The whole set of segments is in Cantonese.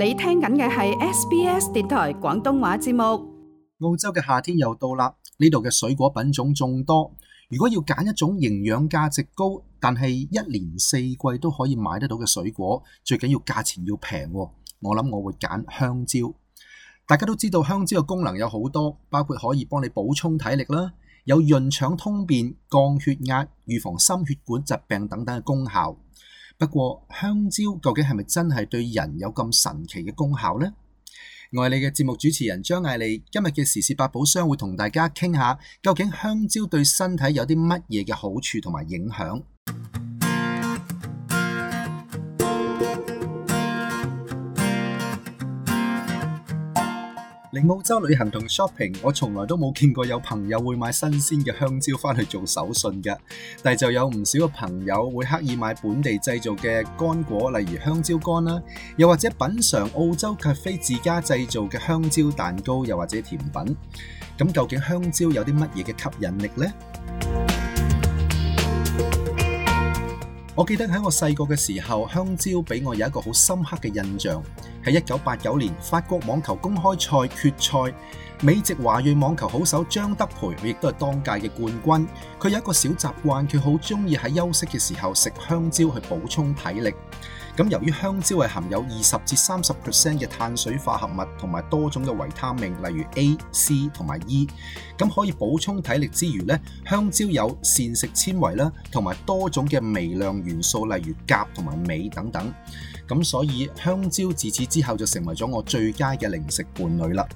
你聽緊嘅係 SBS 電台廣東話節目。澳洲嘅夏天又到啦，呢度嘅水果品種眾多。如果要揀一種營養價值高，但係一年四季都可以買得到嘅水果，最緊要價錢要平。我諗我會揀香蕉。大家都知道香蕉嘅功能有好多，包括可以幫你補充體力啦，有潤腸通便、降血壓、預防心血管疾病等等嘅功效。不過，香蕉究竟係咪真係對人有咁神奇嘅功效呢？我係你嘅節目主持人張艾莉，今日嘅時事百寶箱會同大家傾下，究竟香蕉對身體有啲乜嘢嘅好處同埋影響。令澳洲旅行同 shopping，我從來都冇見過有朋友會買新鮮嘅香蕉翻去，做手信嘅，但係就有唔少嘅朋友會刻意買本地製造嘅乾果，例如香蕉乾啦，又或者品嘗澳洲咖啡自家製造嘅香蕉蛋糕，又或者甜品。咁究竟香蕉有啲乜嘢嘅吸引力呢？我記得喺我細個嘅時候，香蕉俾我有一個好深刻嘅印象。喺一九八九年法國網球公開賽決賽，美籍華裔網球好手張德培，佢亦都係當屆嘅冠軍。佢有一個小習慣，佢好中意喺休息嘅時候食香蕉去補充體力。咁由於香蕉係含有二十至三十 percent 嘅碳水化合物同埋多種嘅維他命，例如 A、C 同埋 E，咁可以補充體力之餘咧，香蕉有膳食纖維啦，同埋多種嘅微量元素，例如鉀同埋鎂等等。咁所以香蕉自此之後就成為咗我最佳嘅零食伴侶啦。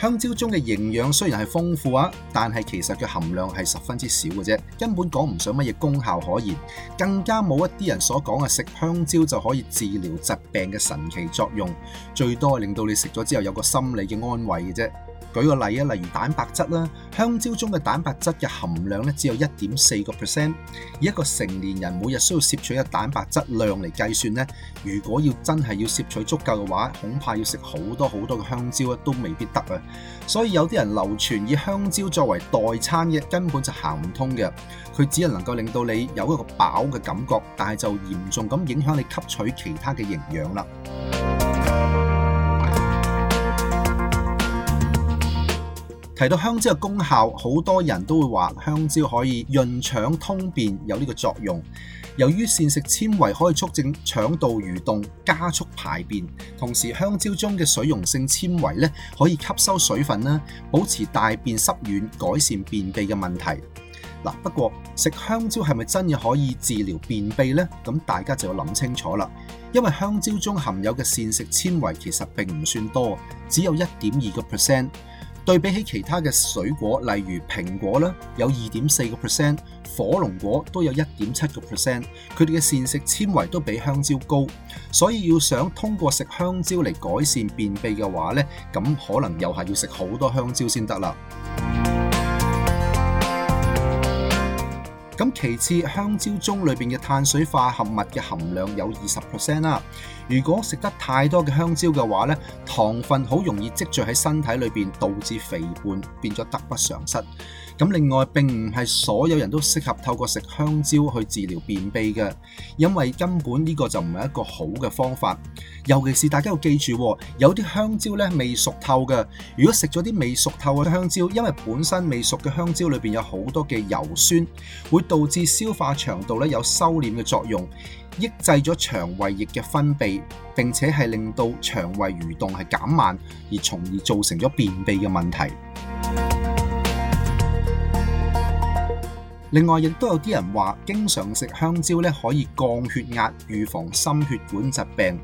香蕉中嘅營養雖然係豐富啊，但係其實佢含量係十分之少嘅啫，根本講唔上乜嘢功效可言，更加冇一啲人所講嘅食香蕉就可以治療疾病嘅神奇作用，最多令到你食咗之後有個心理嘅安慰嘅啫。舉個例啊，例如蛋白質啦，香蕉中嘅蛋白質嘅含量咧只有一點四個 percent。以一個成年人每日需要攝取嘅蛋白質量嚟計算咧，如果要真係要攝取足夠嘅話，恐怕要食好多好多嘅香蕉咧，都未必得啊。所以有啲人流傳以香蕉作為代餐嘅，根本就行唔通嘅。佢只係能夠令到你有一個飽嘅感覺，但係就嚴重咁影響你吸取其他嘅營養啦。提到香蕉嘅功效，好多人都會話香蕉可以潤腸通便，有呢個作用。由於膳食纖維可以促進腸道蠕動，加速排便，同時香蕉中嘅水溶性纖維咧可以吸收水分啦，保持大便濕軟，改善便秘嘅問題。嗱，不過食香蕉係咪真係可以治療便秘呢？咁大家就要諗清楚啦，因為香蕉中含有嘅膳食纖維其實並唔算多，只有一點二個 percent。對比起其他嘅水果，例如蘋果啦，有二點四個 percent，火龍果都有一點七個 percent，佢哋嘅膳食纖維都比香蕉高，所以要想通過食香蕉嚟改善便秘嘅話呢，咁可能又係要食好多香蕉先得啦。咁其次，香蕉中裏邊嘅碳水化合物嘅含量有二十 percent 啦。如果食得太多嘅香蕉嘅話咧，糖分好容易積聚喺身體裏邊，導致肥胖，變咗得不償失。咁另外，並唔係所有人都適合透過食香蕉去治療便秘嘅，因為根本呢個就唔係一個好嘅方法。尤其是大家要記住，有啲香蕉呢，未熟透嘅，如果食咗啲未熟透嘅香蕉，因為本身未熟嘅香蕉裏邊有好多嘅油酸，會導致消化腸道呢，有收斂嘅作用，抑制咗腸胃液嘅分泌，並且係令到腸胃蠕動係減慢，而從而造成咗便秘嘅問題。另外，亦都有啲人話，經常食香蕉咧可以降血壓、預防心血管疾病。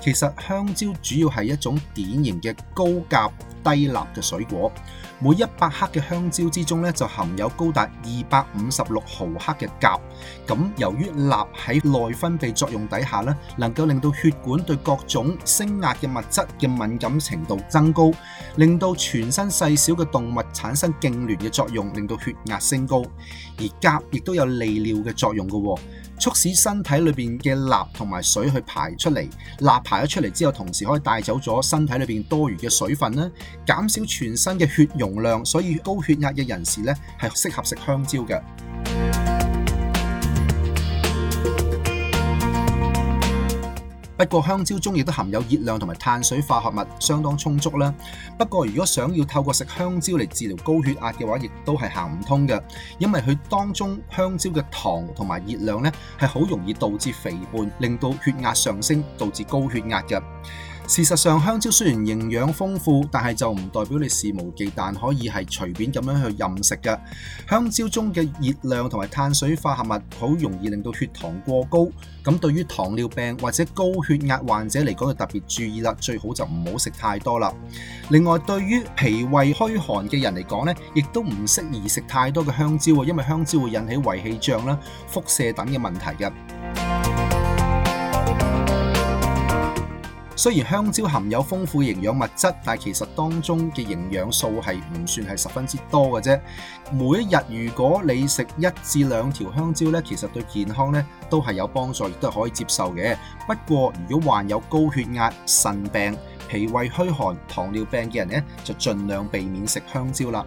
其實，香蕉主要係一種典型嘅高鉀低鈉嘅水果，每一百克嘅香蕉之中咧，就含有高達二百五十六毫克嘅鉀。咁由於鈉喺內分泌作用底下咧，能夠令到血管對各種升壓嘅物質嘅敏感程度增高，令到全身細小嘅動物產生痙攣嘅作用，令到血壓升高。而鉀亦都有利尿嘅作用嘅，促使身體裏邊嘅鈉同埋水去排出嚟。鈉排咗出嚟之後，同時可以帶走咗身體裏邊多餘嘅水分啦。減少全身嘅血容量，所以高血壓嘅人士咧係適合食香蕉嘅。 不過香蕉中亦都含有熱量同埋碳水化合物相當充足啦。不過如果想要透過食香蕉嚟治療高血壓嘅話，亦都係行唔通嘅，因為佢當中香蕉嘅糖同埋熱量咧係好容易導致肥胖，令到血壓上升，導致高血壓嘅。事實上，香蕉雖然營養豐富，但係就唔代表你肆無忌憚可以係隨便咁樣去任食嘅。香蕉中嘅熱量同埋碳水化合物好容易令到血糖過高，咁對於糖尿病或者高血壓患者嚟講，就特別注意啦，最好就唔好食太多啦。另外，對於脾胃虛寒嘅人嚟講呢亦都唔適宜食太多嘅香蕉，因為香蕉會引起胃氣脹啦、腹瀉等嘅問題嘅。雖然香蕉含有豐富營養物質，但其實當中嘅營養素係唔算係十分之多嘅啫。每一日如果你食一至兩條香蕉咧，其實對健康咧都係有幫助，亦都可以接受嘅。不過，如果患有高血壓、腎病、脾胃虛寒、糖尿病嘅人咧，就盡量避免食香蕉啦。